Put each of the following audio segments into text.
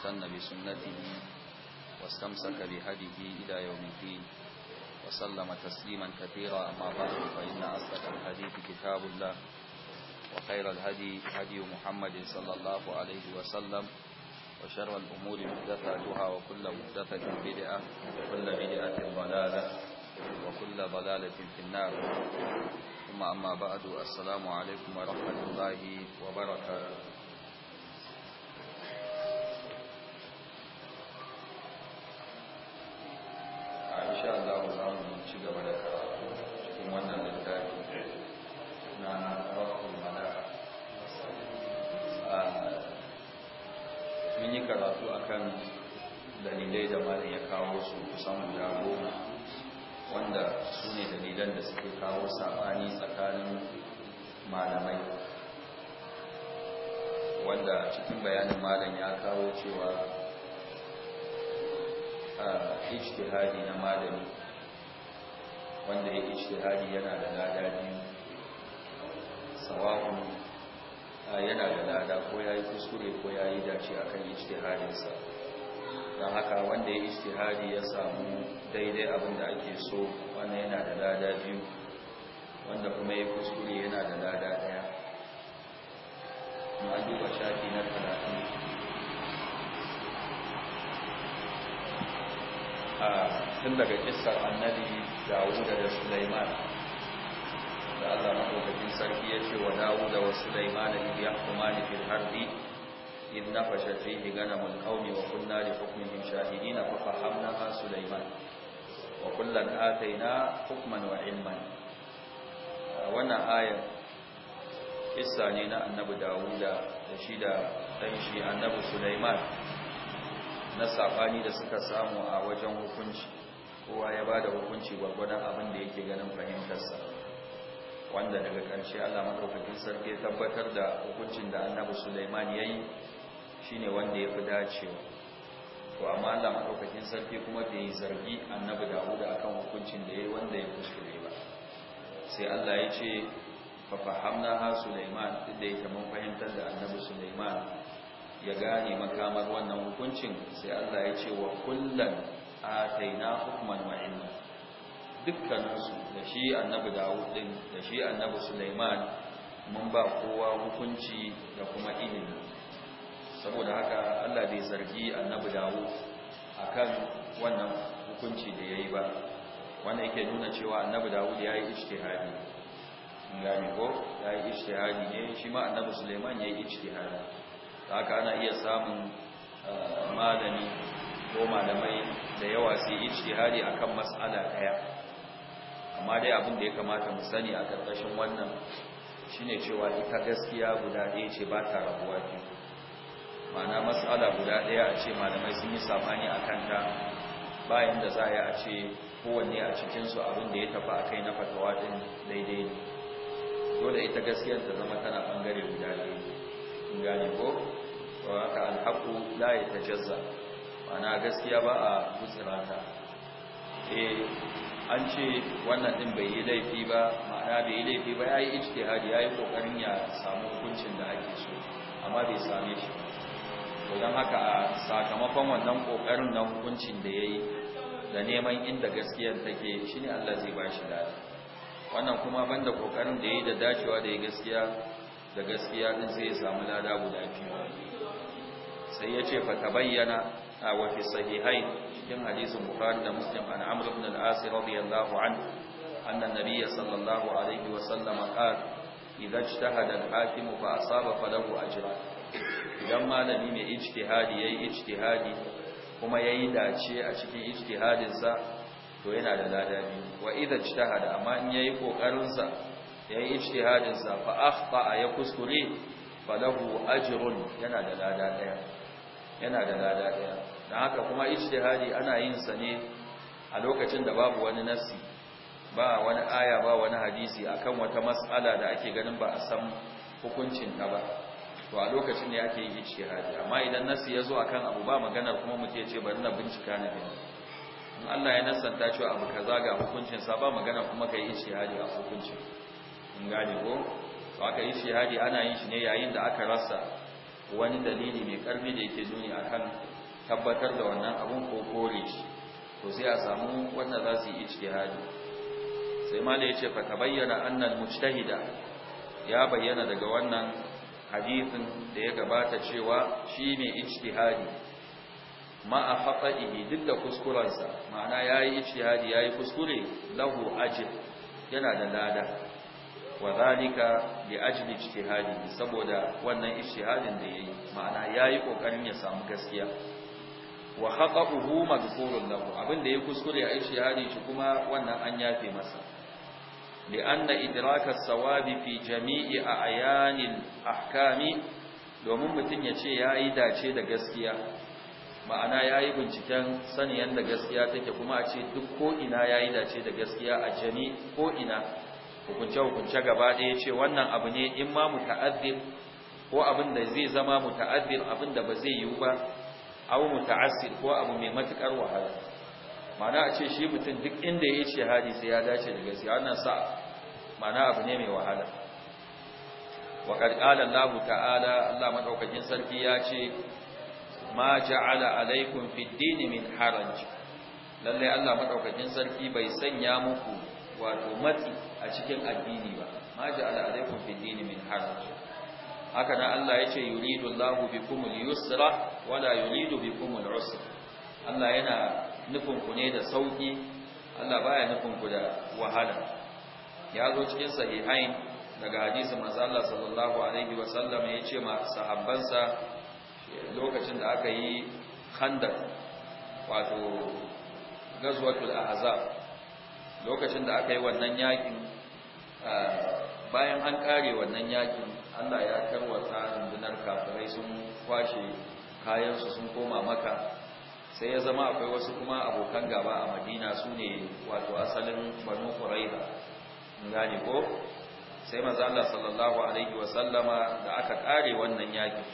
استنى بسنته واستمسك بهديه إلى يوم الدين وسلم تسليما كثيرا أما بعد فإن أصدق الحديث كتاب الله وخير الهدي هدي محمد صلى الله عليه وسلم وشر الأمور محدثاتها وكل محدثة بدعة وكل بدعة ضلالة وكل ضلالة في النار ثم أما بعد السلام عليكم ورحمة الله وبركاته Kan dalilai da malin ya kawo su kusan guda goma wanda su ne dalilan da suke kawo saɓani tsakanin malamai wanda cikin bayanin malam ya kawo cewa ijtihadi na malami wanda ya ijtihadi yana da lada biyu sawa'un yana da lada ko ya yi kuskure ko ya yi dace a kan ijtihadinsa don haka wanda ya ijtihadi ya samu daidai abin ake so wanda yana da lada biyu wanda kuma ya kuskure yana da lada daya ma duba shafi na talatin ah, tun daga kisar annabi dawuda da sulaiman Allah mahaukacin sarki ya ce wa Dawud wa Sulaiman kuma ne fi harbi idh nafashat gana mun qaumi wa kunna da li na shahidin fa fahamnaha laiman wa kullan na hukuman wa ilman wannan ayar kissa ne na annabi Dawuda da shi da ɗan shi annabi laiman na sabani da suka samu a wajen hukunci kowa ya ba da hukunci gwargwadon abin da yake ganin fahimtarsa wanda daga ƙarshe Allah madaukakin sarki ya tabbatar da hukuncin da Annabi Sulaiman yayi shine wanda ya fi dacewa to amma Allah madaukakin sarki kuma bai zargi Annabi Dawud akan hukuncin da yayi wanda ya kuskure ba sai Allah ya ce fa ha Sulaiman da yake mun fahimtar da Annabi Sulaiman ya gane makamar wannan hukuncin sai Allah ya ce wa kullan ataina hukman wa ilma dukkaninsu da shi annabi dawud din da shi annabi Sulaiman mun ba kowa hukunci da kuma ilimi saboda haka allah bai zargi annabi dawud akan wannan hukunci da ya yi ba wannan yake nuna cewa annabi dawud ya yi ishtihadi gani ko ya yi ishtihadi ne shi ma annabi Sulaiman ya yi ishtihadi da haka ana iya samun eh, malami ko malamai da yawa su yi ijtihadi akan mas'ala daya amma dai abin da ya kamata mu sani a ƙarƙashin wannan shine cewa ita gaskiya guda ɗaya ce ba ta rabuwa ke, ma'ana matsala guda ɗaya a ce malamai sun yi sabani a kanta bayan da za a yi a ce kowanne a cikinsu abin da ya tafi a kai na fatawa ɗin daidai ne dole ita gaskiyar ta zama tana ɓangare guda ɗaya in gane ko ko haka alhaku la ya tajazza ma'ana gaskiya ba a gutsira ta eh an ce wannan din bai yi laifi ba ma'ana bai yi laifi ba yayi ya yi kokarin ya samu hukuncin da ake so amma bai same shi to dan haka a sakamakon wannan kokarin na hukuncin da yayi da neman inda gaskiyar take shine Allah zai ba shi dadi wannan kuma banda kokarin da yayi da dacewa da ya gaskiya da gaskiya din zai samu lada guda biyu sai ya ce fa tabayyana wa fi sahihain cikin hadisin bukhari da muslim an amr ibn al-as radiyallahu anhu anna nabiyya sallallahu alaihi wa sallam qala idza ijtahada al-hakim fa asaba falahu ajran idan malami mai ijtihadi yayi ijtihadi kuma yayi dace a cikin ijtihadin sa to yana da lada biyu wa idza ijtahada amma in yayi kokarin sa yayi ijtihadin sa fa akhta ya kuskure falahu ajrun yana da lada daya yana da lada daya don haka kuma ijtihadi ana yin sa ne a lokacin da babu wani nasi ba wani aya ba wani hadisi akan wata mas'ala da ake ganin ba a san hukuncin ta ba to a lokacin ne ake yi ijtihadi amma idan nasi ya zo akan abu ba maganar kuma mu ya ce bari na bincika na gani in Allah ya nasanta cewa abu kaza ga hukuncin sa ba magana kuma kai ijtihadi a hukuncin in gane ko to aka ijtihadi ana yin shi ne yayin da aka rasa wani dalili mai karfi da yake nuni kan tabbatar da wannan abun ko kore shi to sai a samu wanda za su yi ijtihadi sai ma da ce fa tabayyana annal mujtahida ya bayyana daga wannan hadisin da ya gabata cewa shi ne ijtihadi ma a faɗaɗi duk da kuskurensa ma'ana ya yi ijtihadi ya yi kuskure lahu ajir yana da lada wa zalika bi ajli ijtihadi saboda wannan ijtihadin da yayi ma'ana yayi kokarin ya samu gaskiya wa khatahu maghfurun lahu abinda ya kuskure a ijtihadin shi kuma wannan an yafe masa li'anna idraka as-sawabi fi jami'i a'yanil ahkami domin mutun ya ce yayi dace da gaskiya ma'ana yayi binciken saniyan yanda gaskiya take kuma a ce duk ko ina yayi dace da gaskiya a jami ko ina hukunce-hukunce gaba ɗaya ce wannan abu ne in ma muta'addil ko abin da zai zama muta'addil abin da ba zai yiwu ba abu muta'assir ko abu mai matukar wahala mana a ce shi mutum duk inda ya ce hadi sai ya dace da gaskiya wannan sa mana abu ne mai wahala wa qad qala Allah ta'ala Allah madaukakin sarki ya ce ma ja'ala alaikum fid din min haraj lalle Allah madaukakin sarki bai sanya muku wato matsi a cikin addini ba ma ja'ala alaikum fi dini min haraj haka nan Allah yace yuridu Allahu bikum al-yusra wa la yuridu bikum al-usra Allah yana nufin ku ne da sauki Allah baya nufin ku da wahala ya zo cikin sahihain daga hadisin manzo Allah sallallahu alaihi wa sallam yace ma sahabbansa lokacin da aka yi khandaq wato gazwatul ahzab lokacin da aka yi wannan yakin bayan an kare wannan yakin Allah ya karwata rundunar kafirai sun kwashe kayansu sun koma maka sai ya zama akwai wasu kuma abokan gaba a madina su ne wato asalin banu ƙuraiba gane ko sai maza Allah sallallahu alaihi wasallama da aka kare wannan yakin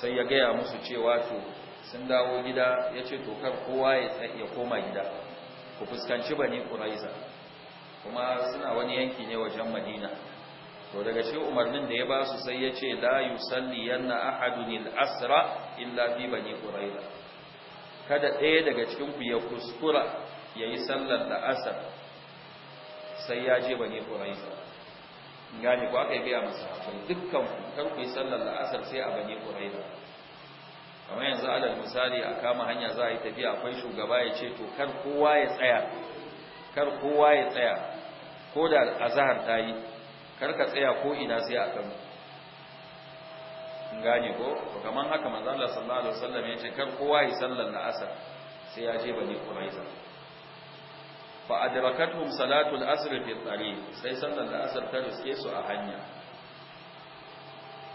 sai ya gaya musu cewa to sun dawo gida ya ce to kar kowa ya koma gida ku fuskanci bani quraiza kuma suna wani yanki ne wajen madina to daga shi umarnin da ya ba su sai ya ce la yusalli yanna ahadun al-asra illa fi bani quraiza kada ɗaya daga cikin ku ya kuskura yayi sallar da asar sai ya je bani quraiza gane ko aka yi ga masahabai dukkan ku kan ku yi sallar da asar sai a bani quraiza kamar yanzu adal misali a kama hanya za a yi tafiya akwai shugaba ya ce to kar kowa ya tsaya kar kowa ya tsaya ko da azahar ta yi kar ka tsaya ko ina sai a kan gane ko kamar haka manzo Allah sallallahu alaihi wasallam ya ce kar kowa ya sallar asar, sai ya je bani quraiza fa adrakatuhum salatul asr fi tariq sai sallar da asar ta riske su a hanya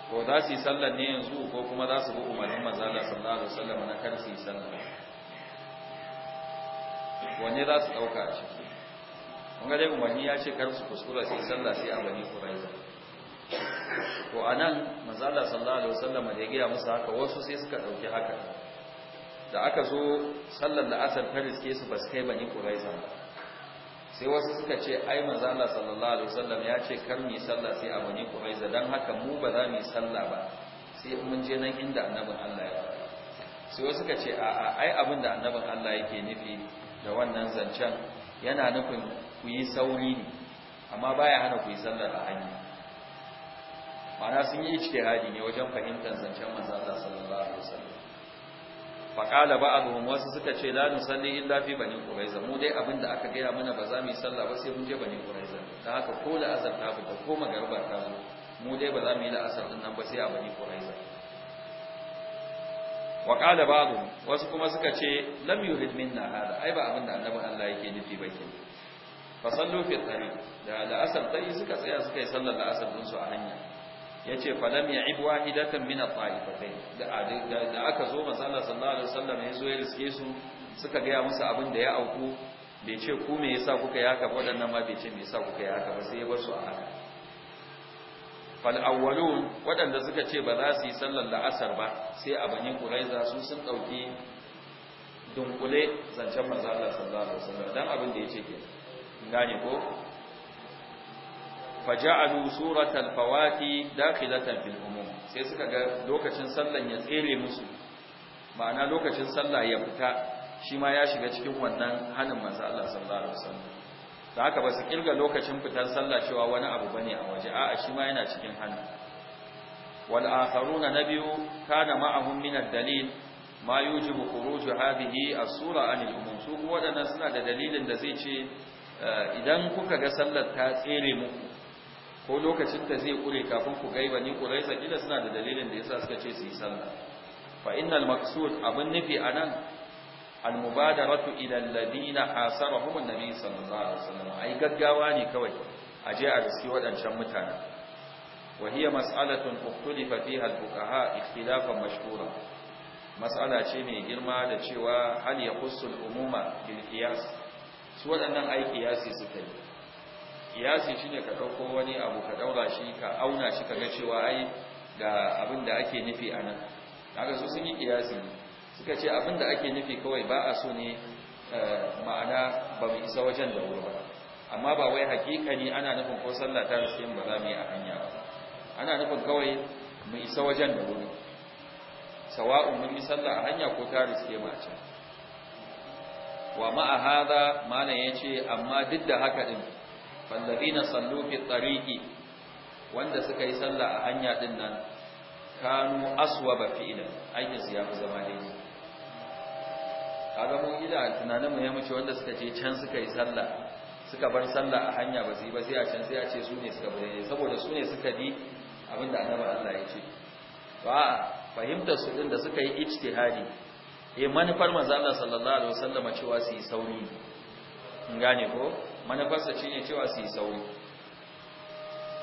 ko za su yi sallar ne yanzu ko kuma za su bi umarnin manzala sallallahu alaihi wasallam na kar su yi sallar wanne za su dauka a ciki kun ga dai umarni ya ce kar su kuskura su yi sallah sai a bani kuraiza ko anan manzala sallallahu alaihi wasallam da ya gaya musu haka wasu sai suka dauki haka da aka zo sallar da asar ta riske su ba su kai bani kuraiza ba sai wasu suka ce ai manzo Allah sallallahu alaihi wasallam ya ce kar mi sallah sai a bani Quraiza dan haka mu ba za mu sallah ba sai mun je nan inda annabin Allah ya faɗa sai wasu suka ce a a ai abin da annabin Allah yake nufi da wannan zancen yana nufin ku yi sauri ne amma baya hana ku yi sallar a hanya ma'ana sun yi ijtihadi ne wajen fahimtar zancen manzo Allah sallallahu alaihi wasallam faƙala ba abubuwan wasu suka ce la nusalli in fi banin ƙuraiza mu dai abin da aka gaya mana ba za mu yi sallah ba sai mun je bani ƙuraiza ta haka ko la'azar ta fita ko magarba ta zo mu dai ba za mu yi la'asar din nan ba sai a banin ƙuraiza waƙala ba abubuwan wasu kuma suka ce lam yurid minna hada ai ba abin da annabin Allah yake nufi ba ke fasallu fi tari da la'asar ta yi suka tsaya suka yi sallar la'asar din su a hanya yace fa falam ya'ib wahidatan min at-ta'ifatayn da aka zo masallan sallallahu alaihi wasallam ya zo ya riske su suka ga ya musu abin da ya auku bai ce ku me yasa kuka yi haka waɗannan ma bai ce me yasa kuka yi haka ba sai ya bar su a haka fal awwalun waɗanda suka ce ba za su yi sallar la'asar ba sai a bani quraiza su sun dauki dunkule zancen manzo Allah sallallahu alaihi wasallam dan abin da yake ke gane ko faja'alu suratal fawati dakhilatan fil umum sai suka ga lokacin sallan ya tsere musu ma'ana lokacin sallah ya fita shi ma ya shiga cikin wannan hanin manzo Allah sallallahu alaihi wasallam da haka ba su kirga lokacin fitar sallah cewa wani abu bane a waje a'a shi ma yana cikin hanin wal akharuna nabiyu kana ma'ahum min ad-dalil ma yujibu khuruj hadhihi as-sura anil umum su wadannan suna da dalilin da zai ce eh, idan kuka ga sallar ta tsere muku ko lokacin da zai kure kafin ku gaiba ni kuraisa kila suna da dalilin da yasa suka ce su yi sallah fa innal maqsud abin nufi anan al mubadaratu ila alladina hasabahum annabi sallallahu alaihi wasallam ai gaggawa ne kawai a je a riski wadancan mutane wa hiya mas'alatun ukhtulifa fiha al fuqaha ikhtilafan mashhura mas'ala ce mai girma da cewa hal yaqussul umuma bil qiyas su waɗannan ai qiyasi suka yi kiyasi shine ka dauko wani abu ka daura shi ka auna shi ga cewa ai ga abin da ake nufi a nan kaga su sun yi kiyasi suka ce abin da ake nufi kawai ba a so ne eh, ma'ana ba mu isa wajen da wuri ba amma ba wai hakika ne ana nufin ko sallah ta rasu ba za mu yi a hanya ba ana nufin kawai mu isa wajen da wuri sawa'un mun yi sallah a hanya ko ta riske ba a can wa ma'a hada malam yace amma duk da haka din fallabina sallu fi tariqi wanda suka yi sallah a hanya din nan kanu aswaba idan aikin su ya fi zama daidai kaga mun gida tunanin mu ya muce wanda suka je can suka yi sallah suka bar sallah a hanya ba su yi ba sai a can sai a ce su ne suka bari saboda su ne suka bi abinda annabi Allah ya ce to a fahimtar su din da suka yi ijtihadi eh manufar manzo Allah sallallahu alaihi wasallam cewa su yi sauri in gane ko manufarsa shine cewa su yi sauri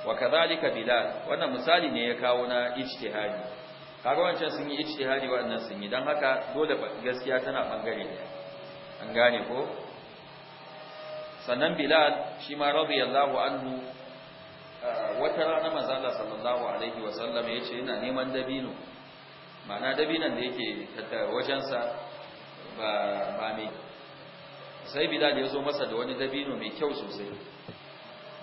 wa kadhalika bilal wannan misali ne ya kawo na ijtihadi kaga wancan sun yi ijtihadi wannan sun yi dan haka dole gaskiya tana bangare ne an gane ko sannan bilal shi ma radiyallahu anhu wata rana Allah sallallahu alaihi wa sallam yace ina neman dabino ma'ana dabinan da yake wajensa ba ba mai sai bilal ya zo masa da wani dabino mai kyau sosai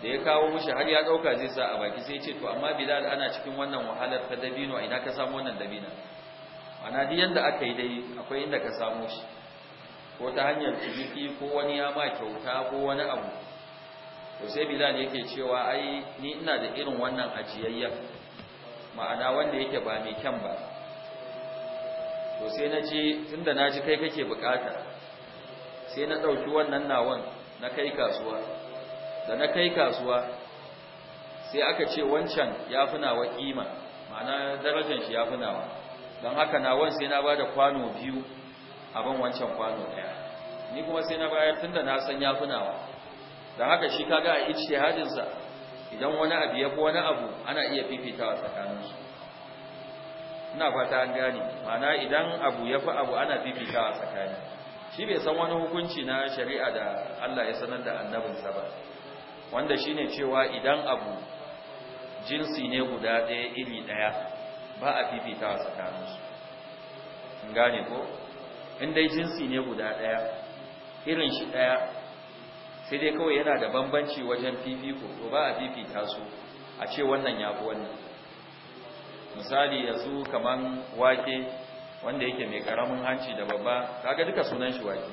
da ya kawo mushi har ya dauka zai sa a baki sai ya ce to amma bilal ana cikin wannan wahalar ta dabino a ina ka samu wannan dabina? ana duk yanda aka yi dai akwai inda ka samu shi ko ta hanyar ciniki ko wani ya ma kyauta ko wani abu to sai bilal yake cewa ai ni ina da irin wannan ajiyayya ma'ana wanda yake ba mai kyan ba to sai na ji tunda na ji kai kake bukata sai na ɗauki wannan nawan na kai kasuwa da na kai kasuwa sai aka ce wancan ya fi nawa ƙima ma'ana darajar shi ya fi nawa don haka nawan sai na ba da kwano biyu a ban wancan kwano ɗaya ni kuma sai na bayar tun da na san ya fi nawa don haka shi kaga a ijtihadinsa idan wani abu ya fi wani abu ana iya fifitawa tsakaninsu ina fata an gane ma'ana idan abu ya fi abu ana fifitawa tsakaninsu shi bai san wani hukunci na shari'a da Allah ya sanar da annabinsa ba wanda shine cewa idan abu jinsi ne guda ɗaya iri ɗaya ba a fifita a tsakaninsu in gane ko in dai jinsi ne guda ɗaya irin shi ɗaya sai dai kawai yana da bambanci wajen fifiko to ba a fifita su a ce wannan ya fi wannan misali yanzu kaman wake wanda yake mai karamin hanci da babba kaga duka sunan shi wake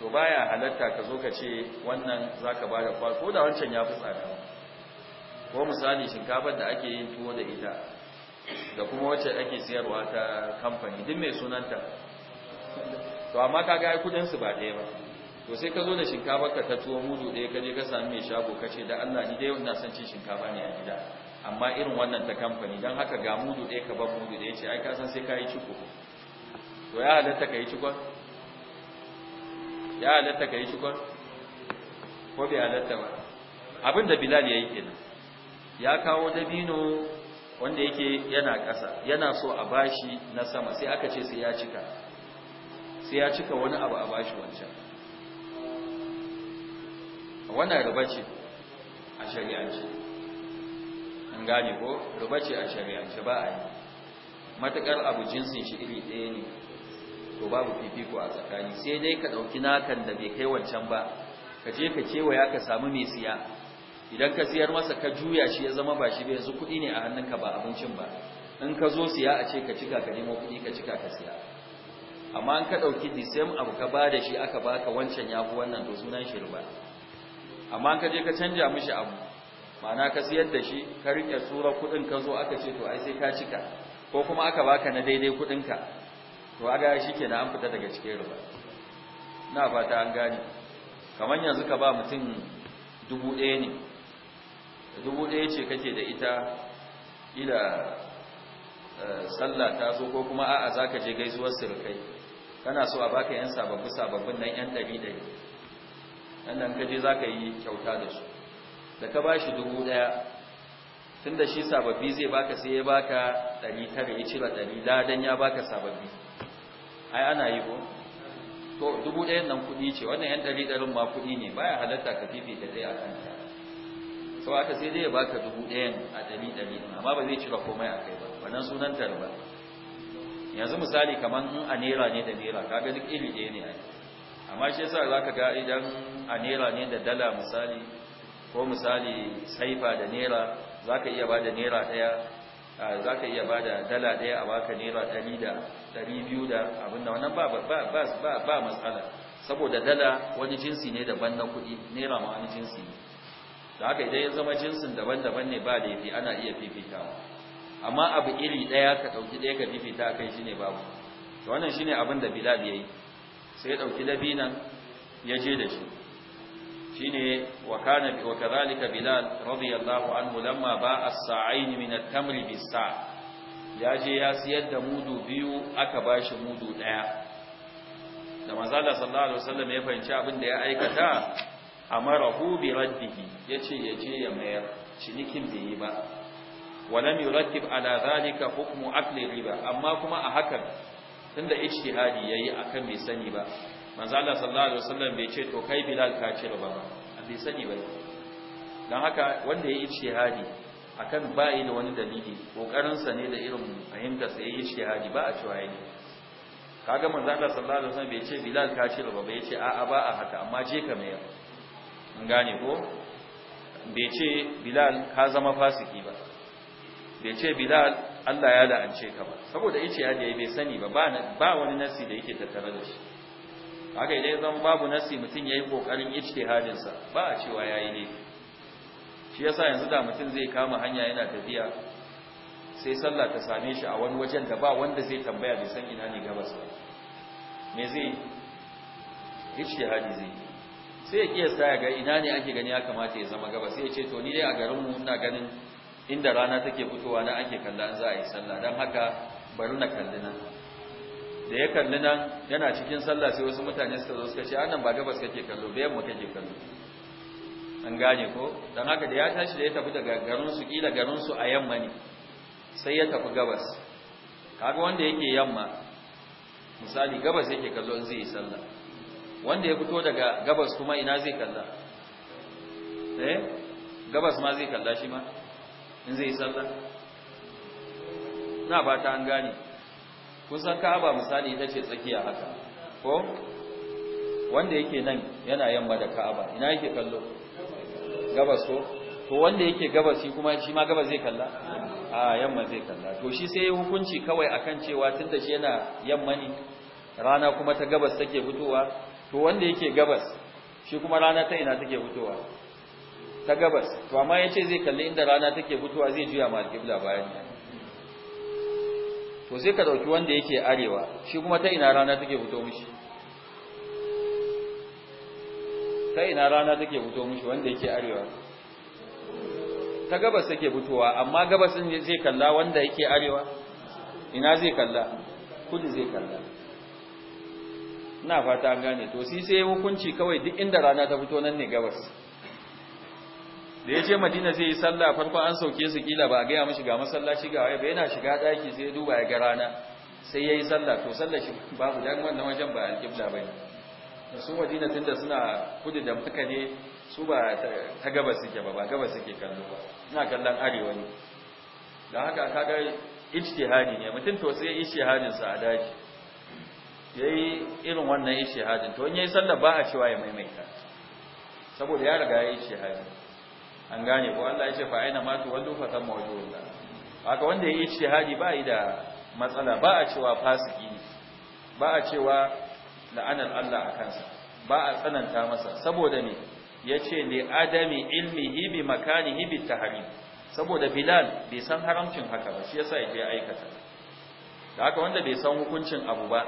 to baya halatta ka zo ka ce wannan zaka bada kwa ko da wancan ya fi tsada ko misali shinkafar da ake yin tuwo da ita da kuma wacce ake siyarwa ta kamfani duk mai sunanta to amma kaga ai kudin su ba ɗaya ba to sai ka zo da shinkafar ka ta tuwo mudu ɗaya ka je ka sami mai shago ka ce da Allah ni dai wannan san ci shinkafa ne a gida amma irin wannan ta kamfani don haka ga mudu ɗaya ka ba mudu ɗaya ce ai ka san sai ka yi ciko to ya halatta ka yi cikon ya halatta ka yi cikon ko bai halatta ba Abinda bilal ya yi kenan ya kawo dabino wanda yake yana ƙasa yana so a bashi na sama sai aka ce sai ya cika sai ya cika wani abu a bashi wancan wannan riba ce a shari'ance an gane ko riba ce a shari'ance ba a yi matuƙar abu jinsin shi iri ɗaya ne to babu fifiko a tsakani sai dai ka dauki nakan da bai kai wancan ba ka je ka ya ka samu mai siya idan ka siyar masa ka juya shi ya zama ba shi bai yanzu kuɗi ne a hannunka ba abincin ba in ka zo siya a ce ka cika ka nemo kuɗi ka cika ka siya amma in ka ɗauki the same abu ka ba da shi aka baka wancan ya fi wannan to sunan shi ruba amma ka je ka canja mishi abu ma'ana ka siyar da shi ka riƙe tsura kuɗin ka zo aka ce to ai sai ka cika ko kuma aka baka na daidai kuɗinka to aga shi ke an fita daga cikin riba na fata an gane kamar yanzu ka ba mutum dubu ɗaya ne dubu ɗaya ce kake da ita ila eh, sallah ta zo ko kuma a'a za ka je gaisuwar sirkai kana so a baka yan sababbi sababbin nan yan ɗari ɗari nan ka je za ka yi kyauta da su da ka ba shi dubu ɗaya tun da shi sababbi zai baka sai ya baka ɗari tara ya cire ɗari ladan ya baka sababbi ai ana yi ko to dubu ɗayan nan kuɗi ce wannan yan ɗari ɗarin ma kuɗi ne baya halatta ka fifita dai a kanta sau haka sai dai ya baka dubu ɗayan a ɗari ɗari amma ba zai cika komai a kai ba wannan sunan ba. yanzu misali kamar in a naira ne da naira ga duk iri ɗaya ne ai amma shi yasa za ka ga idan a naira ne da dala misali ko misali saifa da naira za ka iya ba da naira ɗaya za ka iya ba da dala ɗaya a baka naira ɗari da Dari biyu da abin da wannan ba matsala saboda dala wani jinsi ne daban na kuɗi Nera ma wani jinsi ne da haka idan ya zama jinsin daban-daban ne ba laifi ana iya fifita. amma abu iri ɗaya ka ɗauki ɗaya ka fifita a kai shine babu to wannan shine abin da Bilal yayi sai ya ɗauki nan ya je da shi shine wa kana wa kadhalika Bilal radiyallahu anhu lamma ba'a as-sa'ain min at-tamri bis-sa' ya je ya siyar da mudu biyu aka ba shi mudu daya da da sallallahu alaihi wasallam ya fahimci abin da ya aikata amarahu bi raddihi yace ya je ya mayar cinikin bai yi ba walam yurattib ala zalika hukmu akli riba amma kuma a hakan tunda ijtihadi yayi akan bai sani ba manzala sallallahu alaihi wasallam bai ce to kai bilal ka ce ba ba bai sani ba dan haka wanda ya ijtihadi akan yi da wani dalili kokarinsa ne da irin fahimtar sai yayi shahadi ba a cewa yayi kaga manzo Allah sallallahu alaihi wasallam bai ce Bilal ka ce ba bai ce a'a ba a haka amma je ka mai mun gane ko bai ce Bilal ka zama fasiki ba bai ce Bilal Allah ya la'ance ka ba saboda yace ya dai bai sani ba ba wani nasi da yake tattare da shi haka idan babu nasi mutum yayi kokarin ijtihadin sa ba a cewa yayi ne shi yasa yanzu da mutum zai kama hanya yana tafiya sai sallah ta same shi a wani wajen da ba wanda zai tambaya bai san ina ne gabas ba me zai ijtihadi zai sai ya kiyasta ya ga ina ne ake gani ya kamata ya zama gabas sai ya ce to ni dai a garin mu ina ganin inda rana take fitowa na ake kalla an za a yi sallah dan haka bari na kalli nan da ya kalli nan yana cikin sallah sai wasu mutane suka zo suka ce nan ba gabas kake kallo da yamma kake kallo an gane ko don haka da ya tashi da ya tafi daga garinsu kila garinsu a yamma ne sai ya tafi gabas kaga wanda yake yamma misali gabas yake kallo in zai yi sallah wanda ya fito daga gabas kuma ina zai kalla eh gabas ma zai kalla shi ma in zai yi sallah na ba ta an gane kun san ka'aba misali ita ce tsakiya haka ko wanda yake nan yana yamma da ka'aba ina yake kallo gabas ko to wanda yake gabas shi kuma shi ma gabas zai kalla a yamma zai kalla to shi sai hukunci kawai akan cewa tunda shi yana yamma ne rana kuma ta gabas take fitowa to wanda yake gabas shi kuma rana ta ina take fitowa ta gabas to amma yace zai kalli inda rana take fitowa zai juya ma alƙibla bayan to sai ka dauki wanda yake arewa shi kuma ta ina rana take fito mishi ta ina rana take fito mushi wanda yake arewa ta gabas take fitowa amma gabas din zai kalla wanda yake arewa ina zai kalla kudu zai kalla ina fata an gane to sai sai hukunci kawai duk inda rana ta fito nan ne gabas da ya ce madina zai yi sallah farko an sauke su kila ba a gaya mashi ga masallaci ga waye ba yana shiga daki sai ya duba ya ga rana sai ya yi sallah to sallah shi babu dan wannan wajen ba alƙibla ba ne da su madina da suna kudu da muka ne su ba ta gaba suke ba ba gaba suke kallo ba suna kallon arewa ne da haka kaga ijtihadi ne mutum to sai ijtihadin sa a daji yayi irin wannan ijtihadin to in yayi sallar ba a cewa ya maimaita saboda ya riga yayi ijtihadi an gane ko Allah ya ce fa aina ma tu wallu fa tamma haka wanda yayi ijtihadi ba yi da matsala ba a cewa fasiki ne ba a cewa la'anar Allah a kansa ba a tsananta masa saboda me ce ne adami ilmihi bi makanihi bi hari saboda Bilal bai san haramcin haka ba shi yasa ya aikata da haka wanda bai san hukuncin abu ba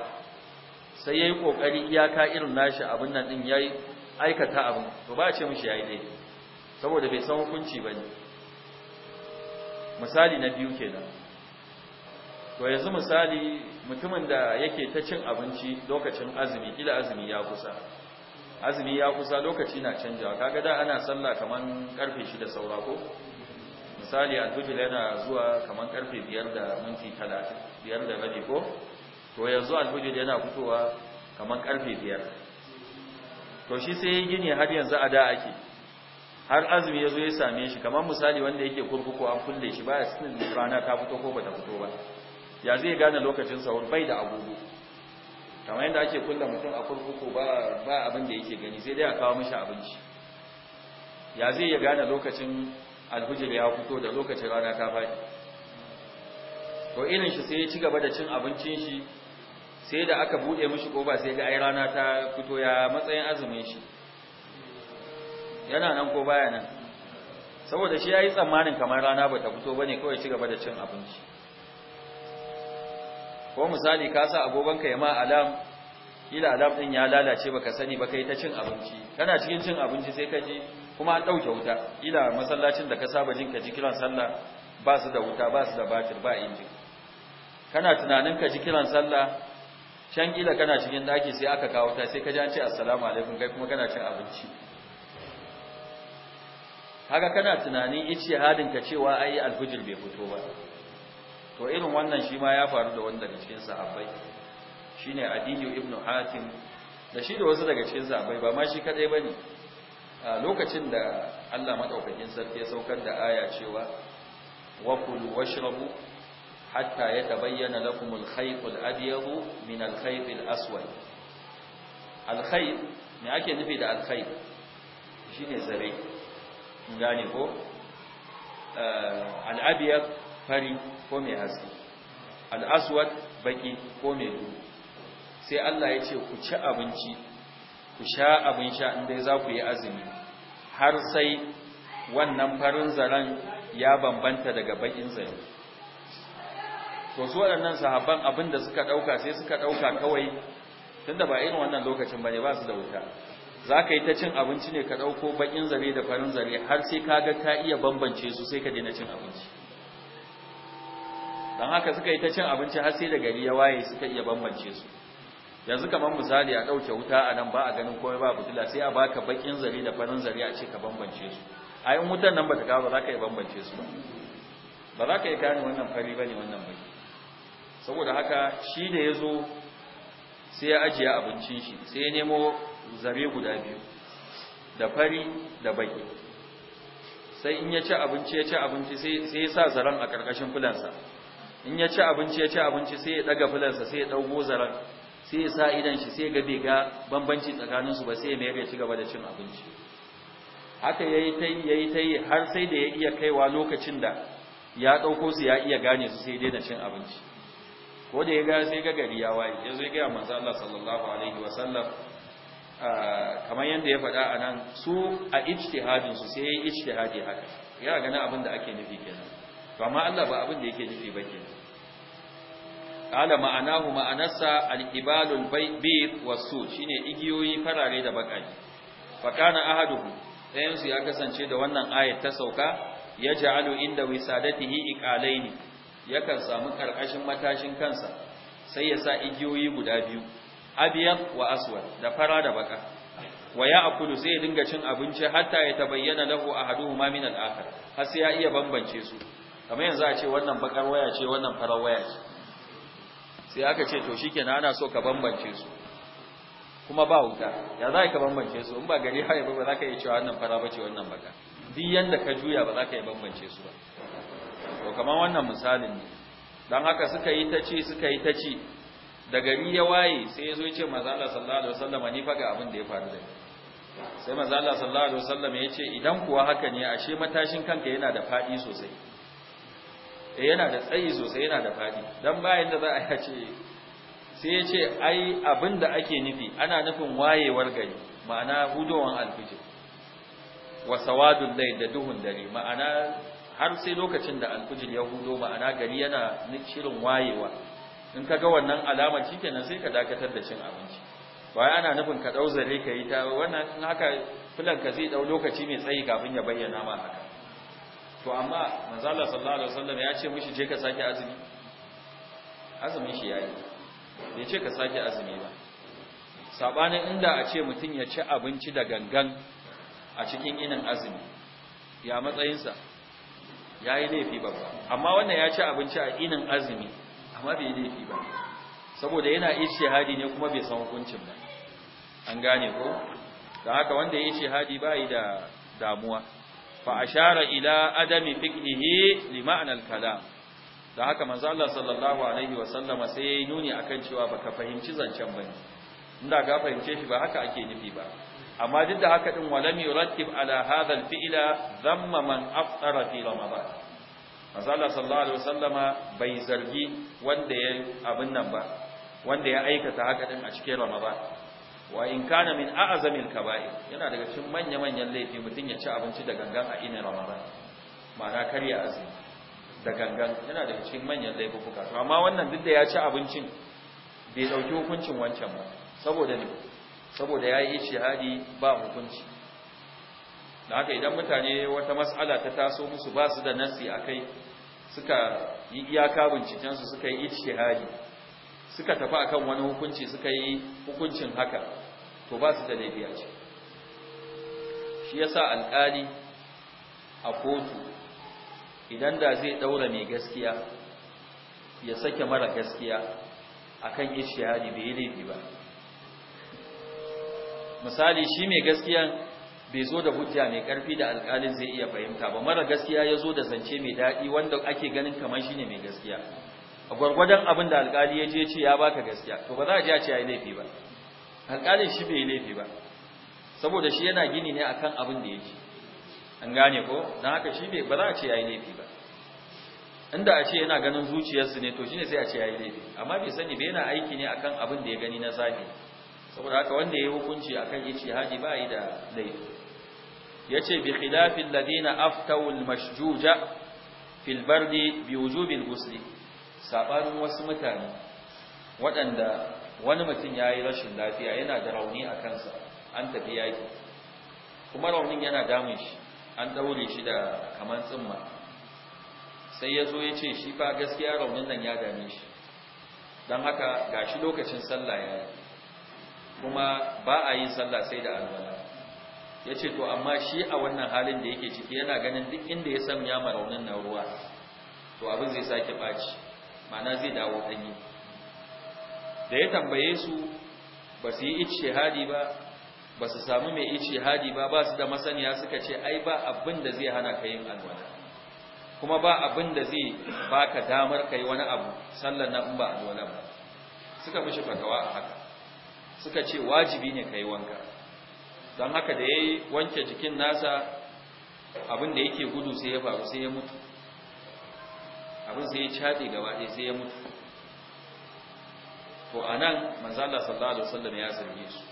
sai yayi kokari iyaka irin nashi abin nan din yayi aikata abin to ba a ce mishi yayi dai saboda bai san hukunci bane misali na biyu kenan to yanzu misali mutumin da yake ta cin abinci lokacin azumi kila azumi ya kusa azumi ya kusa lokaci na canjawa kaga da ana sallah kaman karfe 6 da saura ko misali alfijir yana zuwa kaman karfe 5 da minti 30 5 da rabi ko to yanzu alfijir yana fitowa kaman karfe 5 to shi sai ya gini har yanzu a da ake har azumi ya zo ya same shi kamar misali wanda yake kurkuku an kulle shi baya sun rana ta fito ko bata fito ba ya zai gane lokacin sahur bai da abubu? kamar yadda ake kulla mutum a kurkuku ba abin da yake gani sai dai a kawo mishi abinci ya zai ya gane lokacin alhujir ya fito da lokacin rana ta fadi to irin shi sai ya ci gaba da cin abincin shi sai da aka buɗe mishi ko ba sai ga ai rana ta fito ya matsayin azumin shi yana nan ko baya nan saboda shi ya yi tsammanin kamar rana ba ta fito ba ne kawai ci gaba da cin abinci ko misali ka sa agobanka ya ma alam kila alam din ya lalace baka sani ba kai ta cin abinci kana cikin cin abinci sai ka ji kuma an dauke wuta kila masallacin da ka saba jin ka ji kiran sallah ba su da wuta ba su da batir ba injin kana tunanin ka ji kiran sallah can kila kana cikin daki sai aka kawo ta sai ka ji an ce assalamu alaikum kai kuma kana cin abinci haka kana tunanin ice hadin ka cewa ai alfujir bai fito ba to irin wannan shi ma ya faru da wanda daga cikin sahabbai shine adiyu ibnu hatim da shi da wasu daga cikin sahabbai ba ma shi kadai bane a lokacin da Allah madaukakin sarki ya saukar da aya cewa wa kulu washrabu hatta yatabayyana lakum al-khayt al-abyad min al-khayt al-aswad al-khayt me ake nufi da al-khayt shine zare gane ko eh, al-abyad fari ko mai haske al'aswad baki ko mai duhu sai Allah ya ce ku ci abinci ku sha abin sha inda za ku yi azumi har sai wannan farin zaren ya bambanta daga bakin zare to su waɗannan sahabban abin da suka ɗauka sai suka ɗauka kawai tunda ba irin wannan lokacin bane ba su da wuta za ka yi ta cin abinci ne ka ɗauko bakin zare da farin zare har sai ka ga ka iya bambance su sai ka daina cin abinci don haka suka yi ta cin abinci har sai da gari ya waye suka iya bambance su yanzu kamar misali a ɗauke wuta a nan ba a ganin komai ba butula sai a baka bakin zare da farin zare a ce ka bambance su a yin wutan nan ba ta kawo ba za ka yi bambance su ba ba za ka yi kani wannan fari ba ne wannan baki saboda haka shi da ya zo sai ya ajiye abincin shi sai ya nemo zare guda biyu da fari da baki sai in ya ci abinci ya ci abinci sai ya sa zaren a ƙarƙashin kulansa. in ya ci abinci ya ci abinci sai ya daga filarsa sai ya dau gozaran sai ya sa idan shi sai ga bai ga bambanci tsakanin su ba sai ya mayar ya ci gaba da cin abinci haka yayi tai yayi tai har sai da ya iya kaiwa lokacin da ya dauko su ya iya gane su sai daina cin abinci ko da ya ga sai ga gari ya waye ya zo ya ga manzo Allah sallallahu alaihi wasallam kamar yadda ya faɗa anan su a ijtihadin su sai ya ijtihadi haka ya gani abin da ake nufi kenan to amma Allah ba abin da yake nufi ba ke. qala ma'anahu ma'anarsa al-ibalul bayt wasu shine igiyoyi farare da bakaji fa kana ahaduhu ɗayan su ya kasance da wannan ayat ta sauka ya ja'alu inda wisadatihi iqalaini yakan samu karkashin matashin kansa sai ya sa igiyoyi guda biyu Abiyan wa aswad da fara da baka wa ya'kulu sai ya dinga cin abinci hatta ya tabayyana lahu ma min al-akhar har sai ya iya bambance su kamar yanzu a ce wannan bakar waya ce wannan farar waya ce sai aka ce to shikenan ana so ka bambance su kuma ba wuta ya za ka bambance su in ba gari haye ba ba za ka iya cewa wannan fara bace wannan baka duk yanda ka juya ba za ka iya bambance su ba to kamar wannan misalin ne dan haka suka yi ta ci suka yi ta ci da gari ya waye sai ya zo ya ce manzo Allah sallallahu alaihi wasallam ni fa ga abin da ya faru da ni sai manzo Allah sallallahu alaihi wasallam ya ce idan kuwa haka ne ashe matashin kanka yana da fadi sosai Eh, yana da tsayi sosai yana da fadi dan bayan da za a ce sai ya ce ai abinda ake nufi ana nufin wayewar gari ma'ana hudowan alfijir wa sawadul layl da duhun dare ma'ana har sai lokacin da alfijir ya hudo ma'ana gari yana shirin wayewa in ka ga wannan alamar shikenan sai ka dakatar da cin abinci wai ana nufin ka dau zare ka yi ta wannan haka filan ka zai dau lokaci mai tsayi kafin ya bayyana ma haka to amma manzala sallallahu alaihi wasallam ya ce mishi je ka sake azumi azumin shi yayi bai ce ka sake azumi ba sabanin inda a ce mutum ya ci abinci da gangan a cikin inin azumi ya matsayinsa ya yi laifi babba amma wannan ya ci abinci a inin azumi amma bai laifi ba saboda yana shahadi ne kuma bai san hukuncin ba an gane ko da haka wanda ya ishihadi ba yi da damuwa fa ashara ila adami fiqhihi li ma'anal kalam da haka manzo Allah sallallahu alaihi wa sallama sai yayi nuni akan cewa baka fahimci zancen bane inda ga fahimce shi ba haka ake nufi ba amma duk da haka din walam yurattib ala hadha al-fi'la dhamma man aftara fi ramadan manzo Allah sallallahu alaihi wa sallama bai zargi wanda ya abin nan ba wanda ya aikata haka din a cikin ramadan wa in kana min a'zamil kaba'ir yana daga cikin manya-manyan laifi mutum ya ci abinci da gangan a inin ramadan ma'ana karya azumi da gangan yana daga cikin manyan laifuka to amma wannan duk da ya ci abincin bai dauki hukuncin wancan ba saboda ne saboda yayi ijtihadi ba hukunci da haka idan mutane wata mas'ala ta taso musu ba su da nasi akai suka yi iyaka bincikensu suka yi ijtihadi suka tafi akan wani hukunci suka yi hukuncin haka to ba su da laifi a ce shi yasa alƙali a kotu idan da zai ɗaura mai gaskiya ya sake mara gaskiya akan ishihadi bai laifi ba misali shi mai gaskiyan bai zo da hujja mai ƙarfi da alƙalin zai iya fahimta ba mara gaskiya ya zo da zance mai daɗi wanda ake ganin kamar shine mai gaskiya a gwargwadon abin da alƙali ya je ce ya baka gaskiya to ba za a ji a ce ya yi laifi ba alƙalin shi bai laifi ba saboda shi yana gini ne akan abin da yake an gane ko dan haka shi bai ba za a ce yayi laifi ba inda a ce yana ganin zuciyarsu ne to shine sai a ce yayi laifi amma bai sani ba yana aiki ne akan abin da ya gani na zafi saboda haka wanda ya yi hukunci akan haji ba yi da laifi yace bi khilafi alladhina aftawul mashjuja fil bardi bi wujubi ghusli wasu mutane waɗanda wani mutum ya yi rashin lafiya yana da rauni a kansa an tafi yaƙi kuma raunin yana damun shi an ɗaure shi da kaman tsumma sai ya zo ya ce shi fa gaskiya raunin nan ya dame shi don haka ga shi lokacin sallah ya yi kuma ba a yin sallah sai da alwala ya ce to amma shi a wannan halin da yake ciki yana ganin duk inda ya ya ma raunin na ruwa to abin zai sake ɓaci ma'ana zai dawo ɗanyi da ya tambaye su ba su yi hadi ba ba su samu mai hadi ba ba su da masaniya suka ce ai ba abin da zai hana ka yin alwala kuma ba abin da zai baka damar kai wani abu sallan nan ba alwala ba suka mishi fatawa haka suka ce wajibi ne kai wanka don haka da yayi wanke jikin nasa abin da yake gudu sai ya faru sai ya mutu abin sai ya caɗi gaba ɗaya sai ya mutu to a nan, Manzala sallallahu alaihi wasallam ya zarge su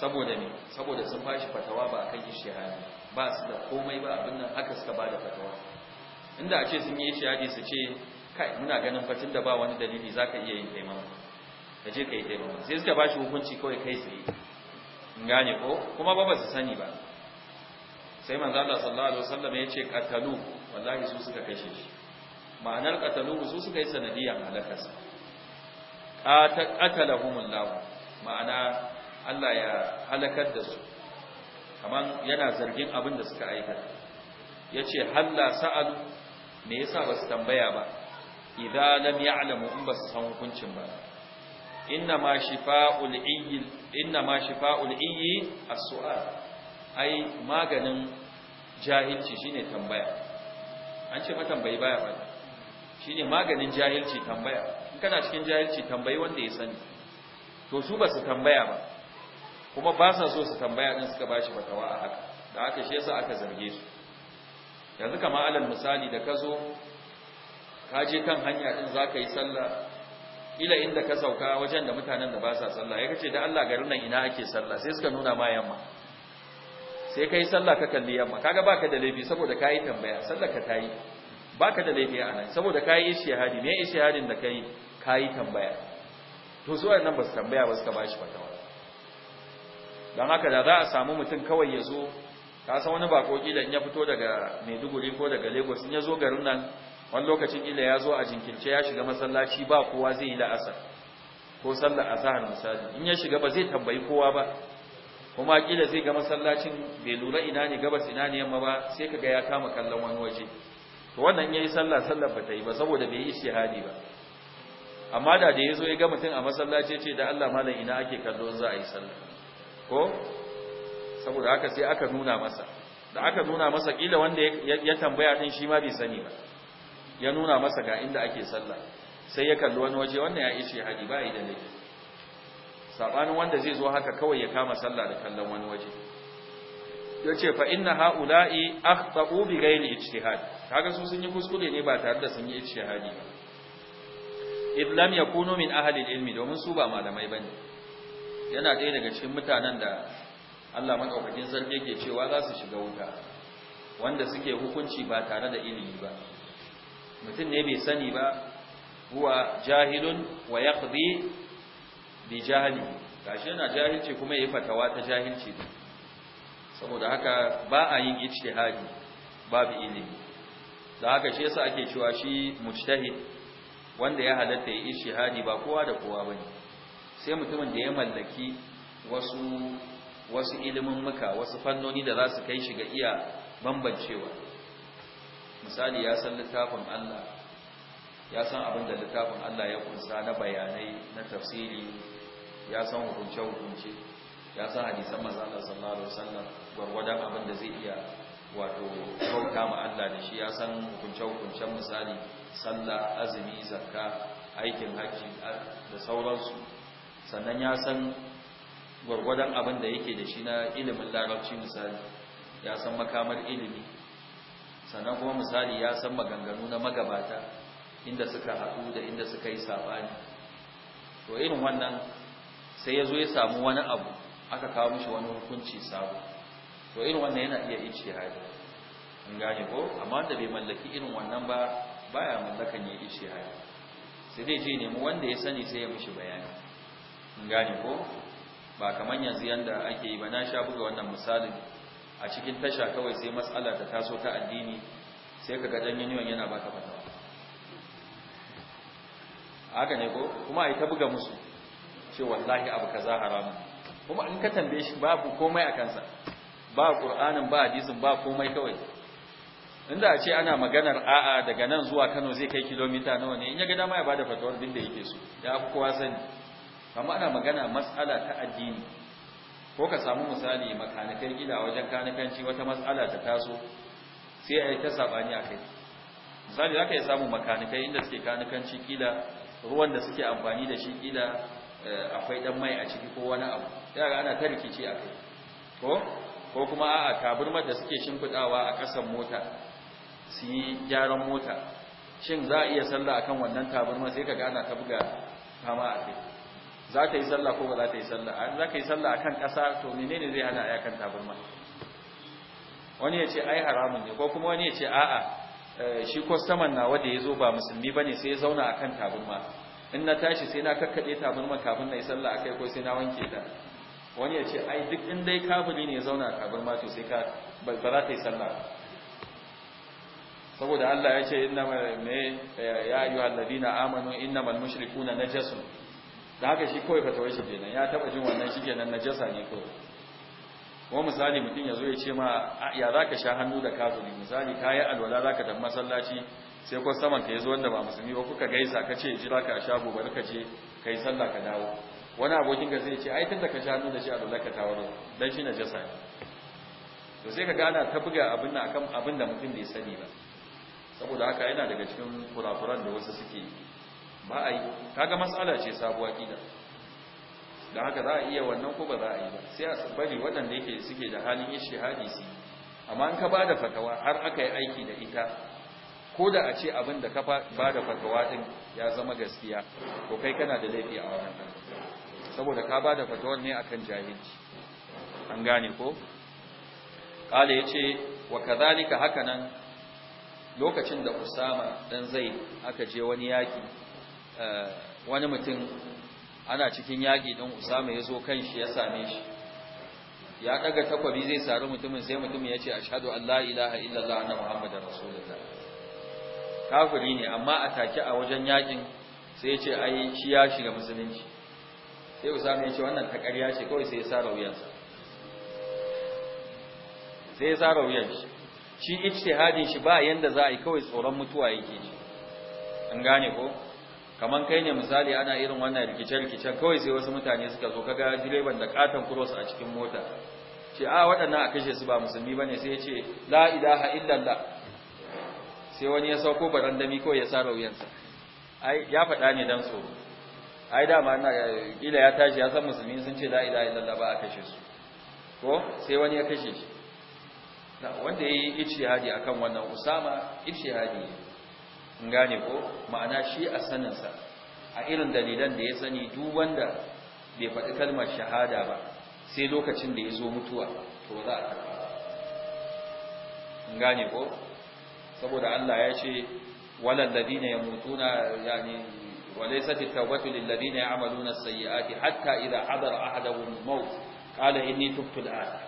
saboda ne saboda sun fashi fatawa ba akan ishtihadi ba su da komai ba abin nan haka suka bada fatawa inda a ce sun yi ishtihadi su ce kai muna ganin fatin da ba wani dalili zaka iya yin taimako, ka je ka yi taimama sai suka bashi hukunci kawai kai tsaye in gane ko kuma ba ba su sani ba sai Manzala sallallahu alaihi wasallam ya ce katalu wallahi su suka kashe shi ma'anar katalu su suka yi sanadiyan halakarsa qatalahumullahu ma'ana Allah ya halakar da su kaman yana zargin abin da suka aikata yace halla sa'al me yasa ba su tambaya ba idza lam ya'lamu in bas san hukuncin ba inna ma shifa'ul iyyi inna ma shifa'ul iyyi as-su'al ai maganin jahilci shine tambaya an ce tambayi baya ba shine maganin jahilci tambaya kana cikin jahilci tambayi wanda ya sani to su ba su tambaya ba kuma ba sa so su tambaya din suka bashi fatawa a haka da haka shi yasa aka zarge su yanzu kamar alal misali da ka zo ka je kan hanya din zaka yi sallah ila inda ka sauka wajen da mutanen da ba sa sallah ya kace da Allah garin nan ina ake sallah sai suka nuna ma yamma sai kai sallah ka kalli yamma kaga baka da laifi saboda kai tambaya sallar ka tayi baka da laifi a nan saboda kai hadi me hadin da kai kayi tambaya to su wayannan ba su tambaya ba suka bashi fatawa don haka da za a samu mutum kawai ya zo ka san wani bako ƙila in ya fito daga Maiduguri ko daga Lagos in ya zo garin nan wani lokacin ƙila ya zo a jinkirce ya shiga masallaci ba kowa zai yi la'asar ko sallar azhar misali in ya shiga ba zai tambayi kowa ba kuma kila zai ga masallacin bai lura ina ne gabas ina ne yamma ba sai kaga ya kama kallon wani waje to wannan yayi sallah sallar ba ta yi ba saboda bai yi shahadi ba amma da da yazo ya ga mutum a masallaci ce da Allah malam ina ake kallo za a yi sallah ko saboda haka sai aka nuna masa da aka nuna masa kila wanda ya tambaya din shi ma bai sani ba ya nuna masa ga inda ake sallah sai ya kallo wani waje wannan ya ishe hadi ba idan yake sabanin wanda zai zo haka kawai ya kama sallah da kallon wani waje yace fa inna haula'i akhta'u bi ghairi ijtihad kaga su sun yi kuskure ne ba tare da sun yi ijtihadi ba idlam ya kuno min ahli ilmi domin su ba malamai bane yana ɗaya daga cikin mutanen da Allah madaukakin sarki yake cewa za su shiga wuta wanda suke hukunci ba tare da ilimi ba mutum ne bai sani ba huwa jahilun wa yaqdi bi jahili gashi yana jahilci kuma yayi fatawa ta jahilci saboda haka ba a yin ijtihadi babu ilimi da haka shi yasa ake cewa shi mujtahid wanda ya halatta ya hadi ba kowa da kowa bane sai mutumin da ya mallaki wasu ilimin muka wasu fannoni da za su kai shi ga iya bambancewa misali ya san littafin Allah ya san abin da littafin Allah ya kunsa na bayanai na tafsiri ya san hukunce-hukunce ya san hadisan manzo sallallahu alaihi wasallam gwargwadon abin da zai iya wato kauta ma Allah da shi ya san hukunce-hukuncen misali sallah azumi zakka aikin haji da sauransu sannan ya san gwargwadon abin da yake da shi na ilimin larabci misali ya san makamar ilimi sannan kuma misali ya san maganganu na magabata inda suka haɗu da inda suka yi saɓani to irin wannan sai ya zo ya samu wani abu aka kawo mishi wani hukunci sabo to irin wannan yana iya ijtihadi in gane ko amma da bai mallaki irin wannan ba baya mallakan ya ijtihadi sai dai je mu wanda ya sani sai ya mishi bayani in gane ko ba kaman yanzu yanda ake yi ba na sha buga wannan misali a cikin tasha kawai sai matsala ta taso ta addini sai kaga dan yuniyon yana baka fatawa haka ne ko kuma ai ta buga musu ce wallahi abu kaza haramun kuma in ka tambaye shi babu komai a kansa ba qur'anin ba hadisin ba komai kawai inda a ce ana maganar a'a daga nan zuwa Kano zai kai kilomita nawa ne in ya ga dama ya bada fatawar din da yake so ya fi kowa sani amma ana magana mas'ala ta addini ko ka samu misali makanikan gida wajen kanikanci wata mas'ala ta taso sai a yi ta sabani a kai misali za ka yi samun makanikai inda suke kanikanci kila ruwan da suke amfani da shi kila eh, akwai dan mai a ciki ko wani abu yara ana ta rikici a kai ko ko kuma a taburmar da suke shimfidawa a ƙasan mota su yi gyaran mota shin za a iya sallah kan wannan taburmar sai ka gana ta buga kama a kai za ta yi sallah ko ba za ta yi sallah an za ka yi sallah kan ƙasa to ne zai hana a kan taburmar wani ya ce ai haramun ne ko kuma wani ya ce a'a eh, shi kwastaman na da ya zo ba musulmi ba ne sai ya zauna a kan taburma in na tashi sai na kakkaɗe taburma kafin na yi sallah a kai ko sai na wanke ta wani ya ce ai duk in dai kabiri ne zauna a kabar sai ka ba ta yi sallah saboda Allah ya ce inna mai ya ayyuhal ladina amanu innamal na najasu da haka shi kawai fatawai shi kenan ya taba jin wannan shi kenan najasa ne kawai kuma misali mutum ya zo ya ce ma ya za ka sha hannu da kafuri misali kayi alwala ka tafi masallaci sai ko saman ka zuwan da ba musulmi ba kuka gaisa ka kace jira ka sha gobe ka je yi sallah ka dawo wani abokin ka zai ce ai da ka shanu da shi a lallaka ta wani dan shi najasa ne to sai ka gana ta buga abin nan akan abin da mutum bai sani ba saboda haka yana daga cikin kurakuran da wasu suke ba a yi kaga matsala ce sabuwa kida Da haka za a iya wannan ko ba za a yi ba sai a bari waɗanda yake suke da halin ishihadi su amma in ka ba da fatawa har aka yi aiki da ita ko da a ce abin da ka ba da fatawa din ya zama gaskiya ko kai kana da laifi a wannan saboda ka ba da fatawar ne akan jahilci an gane ko kala yace wa haka nan lokacin da Usama dan zai aka je wani yaki eh, wani mutum ana cikin yaki dan Usama zo kan shi ya same shi ya daga takwabi zai sari mutumin sai mutumin yace ashhadu an la ilaha illallah anna muhammadar rasulullah kafiri ne amma a take a wajen yakin sai yace ai shi ya shiga musulunci sai usama ya ce wannan ta ƙarya ce kawai sai ya sa rauyansa sai ya sa rauyansa shi ce ijtihadin shi ba yanda za a yi kawai tsoron mutuwa yake ji an gane ko kaman kai ne misali ana irin wannan rikice rikicen kawai sai wasu mutane suka zo kaga direban da katon kuros a cikin mota ce a waɗannan a kashe su ba musulmi ne sai ya ce la ilaha illallah sai wani ya sauko barandami kawai ya sa rauyansa ya faɗa ne don tsoro ai dama ina kila ya tashi ya san musulmi sun ce la ilaha illallah ba a kashe su ko sai wani ya kashe shi wanda yayi ijtihadi akan wannan usama ijtihadi in gane ko ma'ana shi a sanin sa a irin dalilan da ya sani duk wanda bai faɗi kalmar shahada ba sai lokacin da ya zo mutuwa to za a karɓa in gane ko saboda Allah ya ce walal ladina yamutuna yani وليست التوبة للذين يعملون السيئات حتى إذا حضر أحدهم الموت قال إني تبت الآن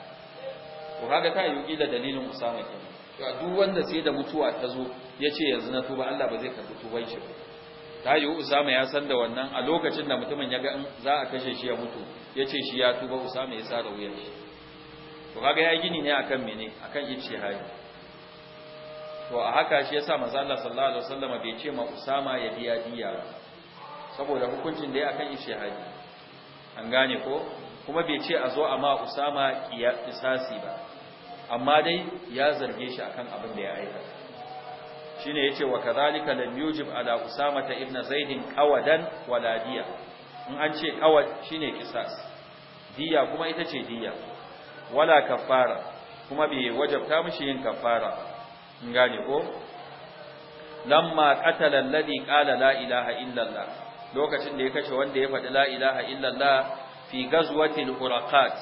وهذا كان يقيل دليل أسامة كما duk wanda sai da mutuwa ta zo ya ce yanzu na tuba Allah ba zai karɓi tuban shi ba ta yi Usama ya san da wannan a lokacin da mutumin ya ga za a kashe shi ya mutu ya shi ya tuba Usama ya sa shi to gini ne akan mene akan to a haka shi yasa manzo Allah sallallahu alaihi wasallam bai ce ma Usama ya biya diya saboda hukuncin da ya yi shahadi, an gane ko kuma bai ce a zo a ma usama kisasi ba amma dai ya zarge shi akan abin da ya aikata shine yace wa kadhalika lam yujib ala usama ta ibn zaid qawadan wala diya in an ce qawad shine kisas diya kuma ita ce diya wala kafara kuma bai wajabta mishi yin kafara in gane ko lamma qatala alladhi qala la ilaha illa allah lokacin da ya kashe wanda ya faɗi la ilaha illallah fi gazwatil huraqat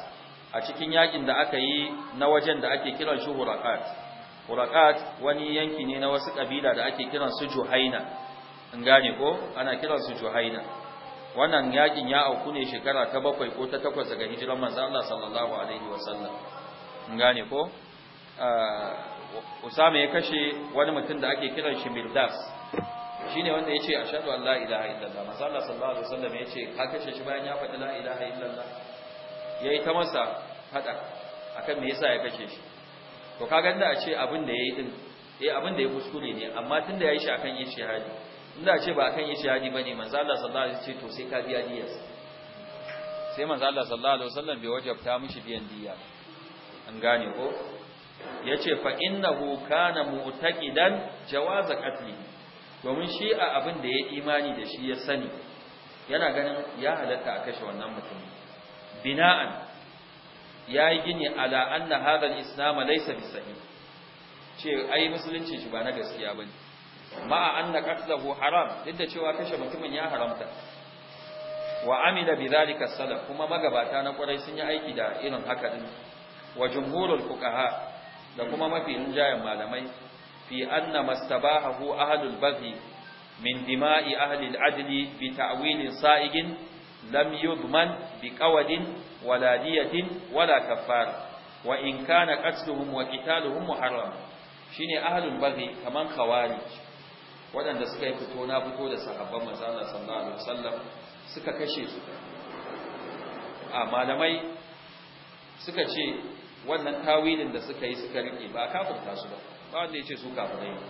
a cikin yakin da aka yi na wajen da ake kiran shi huraqat huraqat wani yanki ne na wasu kabila da ake kiran su juhaina in gane ko ana kiran su juhaina wannan yakin ya auku ne shekara ta bakwai ko ta takwas daga hijiran manzo Allah sallallahu alaihi wa sallam. in gane ko ah, Usama ya kashe wani mutum da ake kiran shi Mirdas shine wanda yace ashhadu an la ilaha illallah manzo Allah sallallahu alaihi wasallam yace ka kashe shi bayan ya faɗi la ilaha illallah yayi ta masa fada akan me yasa ya kashe shi to kaga inda a ce abin da yayi din eh abin da ya kuskure ne amma tunda yayi shi akan yin shahadi inda a ce ba akan yin shahadi bane manzo Allah sallallahu alaihi wasallam to sai ka biya diyar sai manzo Allah sallallahu alaihi wasallam bai wajabta mishi biyan diya an gane ko yace fa innahu kana mu'taqidan jawaza qatlihi domin shi a abin da ya yi imani da shi ya sani yana ganin ya halatta a kashe wannan mutum bina'an ya yi gini ala anna hadal islam laysa bisahi ce ai musulunci shi ba na gaskiya bane ma'a anna qatluhu haram duk da cewa kashe mutumin ya haramta wa amila zalika salaf kuma magabata na kwarai sun yi aiki da irin haka din wa jumhurul fuqaha da kuma mafi rinjayen malamai fi anna mastabahahu ahlul baghi min dima'i ahli al-adli bi ta'wilin sa'igin lam yudman bi qawadin wala diyatin wala kaffara wa in kana qatluhum wa qitaluhum muharram shine ahlul baghi kaman khawarij waɗanda suka yi fito na fito da sahabban manzo Allah sallallahu alaihi wasallam suka kashe su a malamai suka ce wannan tawilin da suka yi suka rike ba kafirta su ba ba wanda ya ce su kafirai ne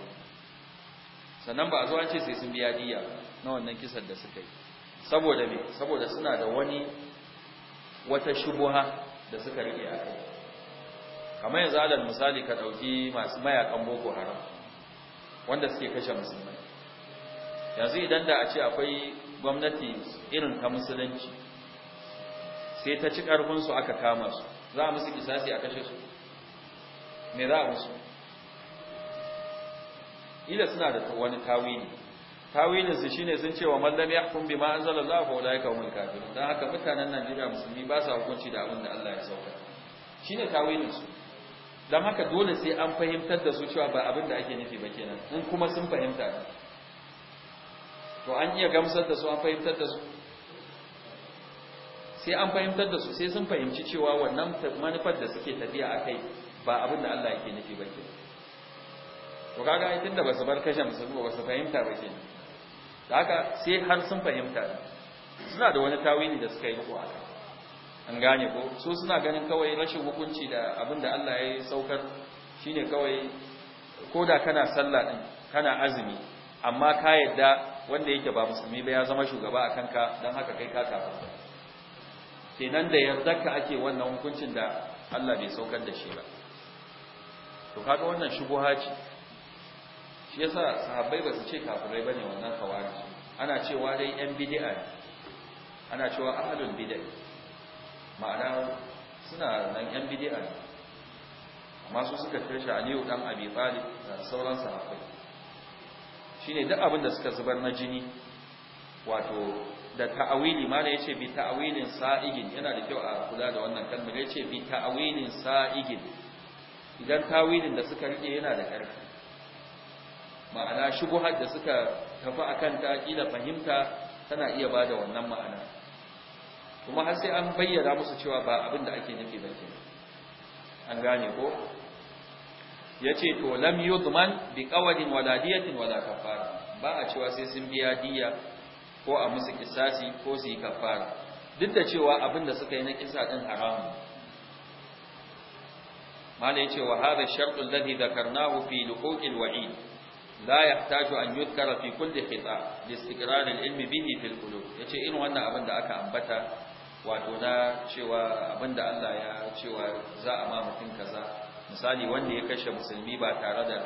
sannan ba a zo an ce sai sun biya diya na wannan kisan da suka yi saboda me saboda suna da wani wata shubuha da suka rike a kai kamar yanzu adal misali ka dauki masu mayakan boko haram wanda suke kashe musulmai yanzu idan da a ce akwai gwamnati irin ta musulunci sai ta ci ƙarfinsu aka kama su za a musu kisasi a kashe su me za a musu ila suna da wani tawili tawili su shine sun ce wa man lam yahkum bima Allah fa ulaika humul kafirun dan haka mutanen Najeriya musulmi ba sa hukunci da abin da Allah ya sauka shine tawilin su dan haka dole sai an fahimtar da su cewa ba abin da ake nufi ba kenan in kuma sun fahimta to an iya gamsar da su an fahimtar da su sai an fahimtar da su sai sun fahimci cewa wannan manufar da suke tafiya akai ba abin da Allah yake nufi ba kenan to kaga ai tunda basu bar kashe musulmi ba su fahimta ba ke haka sai har sun fahimta suna da wani tawili da suka yi ko haka an gane ko su suna ganin kawai rashin hukunci da abin da Allah ya saukar shine kawai koda kana sallah din kana azumi amma ka yadda wanda yake ba musulmi ba ya zama shugaba a kanka don haka kai ka Sai kenan da yadda ka ake wannan hukuncin da Allah bai saukar da shi ba to kaga wannan shubuha ce shi yasa sahabbai ba su ce kafirai bane wannan khawarij ana cewa dai yan bid'a ana cewa ahlul bid'a ma'ana suna nan yan bid'a amma su suka kira shi Aliyu dan Abi Talib da sauran sahabbai shine duk abin da suka zubar na jini wato da ta'awili mana yace bi ta'awilin sa'igin yana da kyau a kula da wannan kalmar yace bi ta'awilin sa'igin idan ta'awilin da suka rike yana da ƙarfi ma'ana shubuhar da suka tafi akan ta kila fahimta tana iya bada wannan ma'ana kuma har sai an bayyana musu cewa ba abin da ake nufi ba ke an gane ko yace to lam yudman bi ƙawarin wala wala kafara ba a cewa sai sun biya diya ko a musu kisasi ko su yi kafara duk da cewa abin da suka yi na kisa din haramun mala ce wa shartun shartu da dhakarnahu fi luhuqil wa'id la yahtaju an yudkara fi kulli qita' li istiqrar al-ilm bihi fil qulub yace irin wannan abin da aka ambata wato na cewa abin da Allah ya cewa za a ma mutum kaza misali wanda ya kashe musulmi ba tare da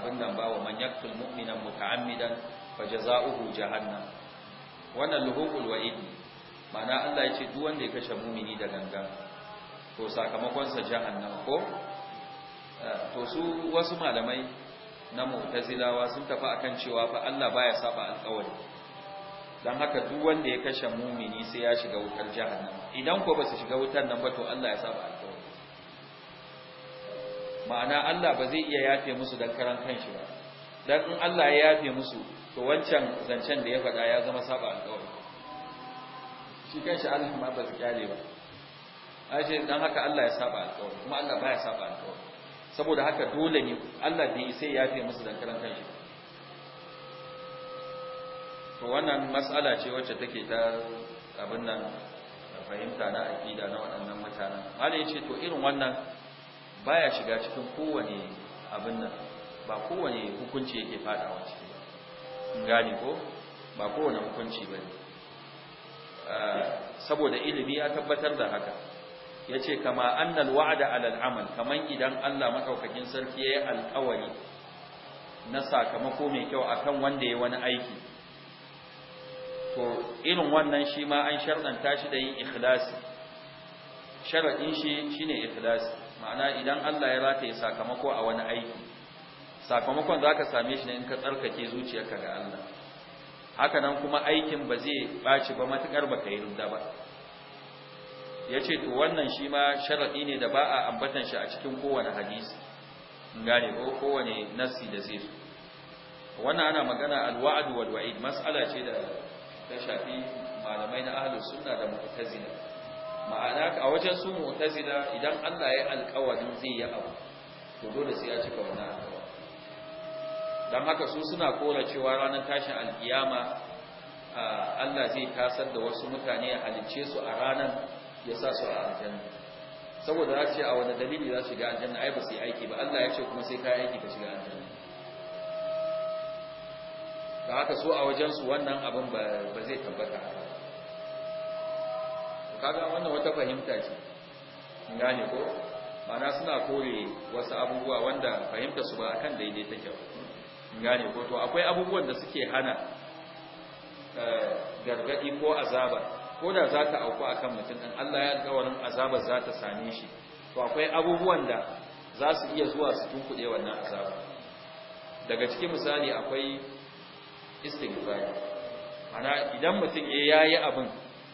abin nan ba wa man yaqtul mu'mina muta'ammidan fajaza'uhu jahannam wannan luhuqul wa'id ma'ana Allah ya ce duk wanda ya kashe mu'mini da ganga to sakamakon sa jahannama ko to su wasu malamai na mu'tazilawa sun tafi akan cewa fa Allah baya saba alƙawari dan haka duk wanda ya kashe mumini sai ya shiga wutar jahannama idan ko ba su shiga wutar nan ba to Allah ya saba alƙawari ma'ana Allah ba zai iya yafe musu dan karan kanshi ba dan in Allah ya yafe musu to wancan zancen da ya faɗa ya zama saba alƙawari shi kanshi Allah ma ba su kyale ba ashe dan haka Allah ya saba alƙawari kuma Allah baya saba alƙawari saboda haka dole ne Allah bai sai ya fi musu dan karan kanshi to wannan matsala ce wacce take ta abin nan fahimta na aqida na waɗannan mutanen malai yace to irin wannan baya shiga cikin kowane abin nan ba kowane hukunci yake faɗawa ciki in gani ko ba kowane hukunci bane ah, saboda ilimi ya tabbatar da haka Ya ce kama annal wa'da alal amal kaman idan Allah madaukakin sarki yayi alƙawari na sakamako mai kyau akan wanda yayi wani aiki to irin wannan shi ma an sharɗanta shi da yin ikhlasi sharadin shi shine ikhlasi ma'ana idan Allah ya rataye sakamako a wani aiki sakamakon zaka same shi ne in ka tsarkake zuciyarka ga Allah haka nan kuma aikin ba zai baci ba matakar baka yi rubda ba ya ce to wannan shi ma sharaɗi ne da ba a ambatan shi a cikin kowane hadisi gane ko kowane nassi da zai wannan ana magana alwa'ad wal wa'id mas'ala ce da ta shafi malamai na ahlus sunna da mu'tazila ma'ana a wajen su mu'tazila idan Allah ya alƙawarin zai yi abu to dole sai ya cika wannan alƙawari dan haka su suna kora cewa ranar tashin alkiyama Allah zai tasar da wasu mutane a halicce su a ranar ya sa su a aljanna saboda za su ce a wani dalili za su shiga aljanna ai ba su yi aiki ba Allah ya ce kuma sai ka yi aiki ka shiga aljanna da haka so a wajensu wannan abin ba zai tabbata ba kaga wannan wata fahimta ce gane ko mana suna kore wasu abubuwa wanda fahimta su ba akan daidai take gane ko to akwai abubuwan da suke hana eh, gargadi ko azaba ko da za ta auku akan mutum ɗin Allah ya alkawarin azabar za ta same shi to akwai abubuwan da za su iya zuwa su tunkuɗe wannan azabar daga cikin misali akwai istighfari ana idan mutum ya yayi abin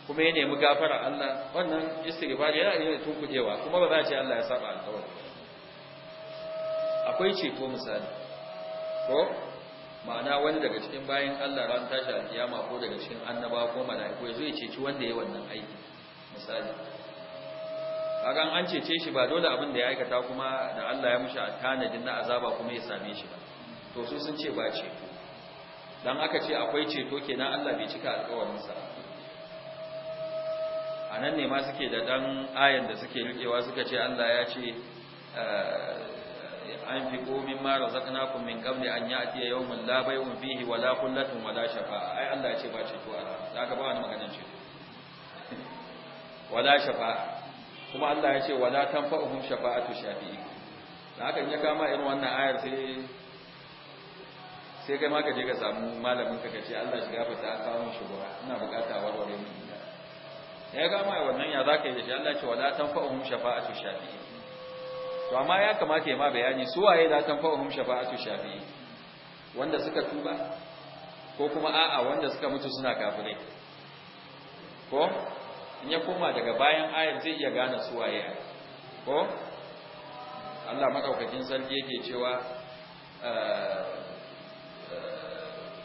kuma ya nemi gafara Allah wannan istighfari yana iya tunkuɗewa kuma ba za ce Allah ya saba alkawar. akwai ceto misali ko ma'ana wani daga cikin bayan Allah ran tashi alkiyama ko daga cikin annaba ko mala'iku ya zo ya ceci wanda ya wannan aiki misali kaga an cece shi ba dole abin da ya aikata kuma da Allah ya mishi tanadin na azaba kuma ya same shi ba to su sun ce ba ce dan aka ce akwai ceto kenan Allah bai cika sa. a nan ne ma suke da dan ayan da suke rikewa suka ce Allah ya ce eh, anfiqu mimma razaqnakum min qabli an ya'tiya yawmun la bay'un fihi wa la qullatun wa la shafa'a ai Allah ya ce ba ceto a ranar da ka ba wani maganar ceto wala shafa'a kuma Allah ya ce wala tanfa'uhum shafa'atu shafi'i da haka in ya kama irin wannan ayar sai sai kai ma ka je ka samu malamin ka kace Allah shi gafarta a kawo shugaba ina bukata warware ni ya ga ma wannan ya zaka yi da shi Allah ce wala tanfa'uhum shafa'atu shafi'i to amma ya kamata ya ma bayani su waye za ta fa'uhum shafa'atu shafi'i wanda suka tuba ko kuma a'a wanda suka mutu suna kafirai ko in ya koma daga bayan ayat zai iya gane su waye ko Allah madaukakin sarki yake cewa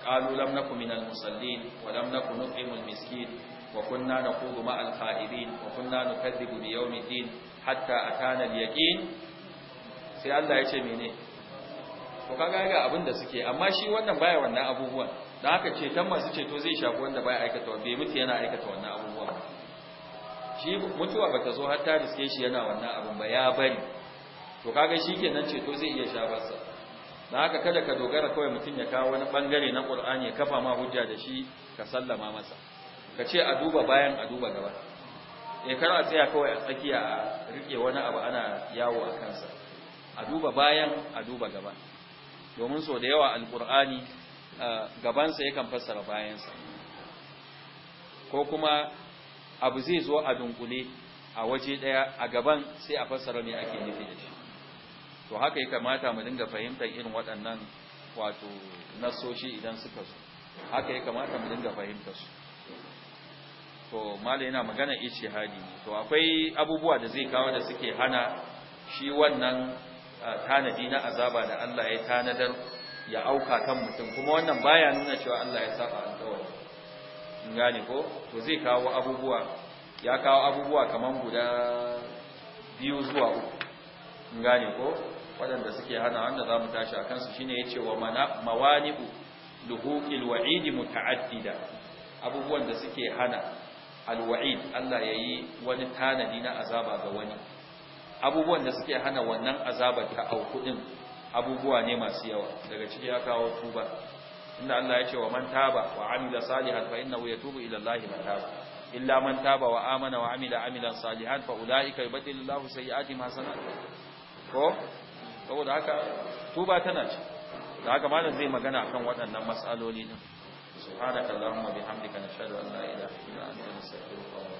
قالوا لم نكن من المصلين ولم نكن نطعم المسكين وكنا نخوض مع الخائبين وكنا نكذب بيوم الدين حتى أتانا اليقين sai Allah ya ce mene to kaga ga abin da suke amma shi wannan baya wannan abubuwan dan haka ce tan masu ceto zai shafi wanda baya aikata wa bai mutu yana aikata wannan abubuwan shi mutuwa bata zo har ta riske shi yana wannan abin ba ya bari to kaga shikenan ceto zai iya sa dan haka kada ka dogara kawai mutum ya kawo wani bangare na Qur'ani ya kafa ma hujja da shi ka sallama masa ka ce a duba bayan a duba gaba e eh, kana tsaya kawai a tsakiya a rike wani abu ana yawo a kansa a duba bayan a duba gaba domin so da yawa alkur'ani gabansa yakan fassara bayansa ko kuma abu zai zo a dunkule a waje daya a gaban sai a fassara mai ake nufi da shi to haka ya kamata mu dinga fahimtar irin waɗannan wato nasoshi idan suka zo haka ya kamata mu dinga fahimtar su to malai yana magana hadi to akwai abubuwa da zai kawo da suke hana shi wannan tanadi na azaba da Allah ya tanadar ya auka kan mutum kuma wannan baya nuna cewa Allah ya saba alƙawari in gane ko to zai kawo abubuwa ya kawo abubuwa kaman guda biyu zuwa uku in gane ko waɗanda suke hana wanda za mu tashi a kansu shine ya ce wa mawani'u luhuqil wa'idi muta'addida abubuwan da suke hana alwa'id Allah yayi wani tanadi na azaba ga wani abubuwan da suke hana wannan azabar ta auku din abubuwa ne masu yawa daga ciki ya kawo tuba inda Allah ya ce wa man taba wa amila salihan fa innahu yatubu ila Allah mataba illa man taba wa amana wa amila amilan salihan fa ulaika yubaddilu Allahu sayyi'atihim hasanat ko saboda haka tuba tana ci da haka malam zai magana akan waɗannan mas'aloli din subhanakallahumma bihamdika nashhadu an la ilaha illa anta nastaghfiruka wa